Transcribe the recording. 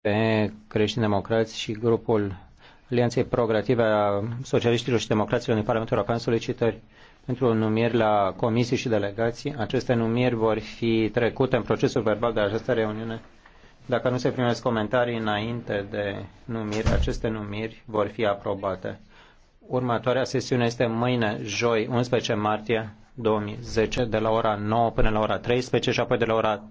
pe creștini-democrați și grupul Alianței Progrative a Socialiștilor și Democraților din Parlamentul European solicitări pentru numiri la comisii și delegații. Aceste numiri vor fi trecute în procesul verbal de această reuniune. Dacă nu se primesc comentarii înainte de numiri, aceste numiri vor fi aprobate. Următoarea sesiune este mâine, joi, 11 martie 2010, de la ora 9 până la ora 13 și apoi de la ora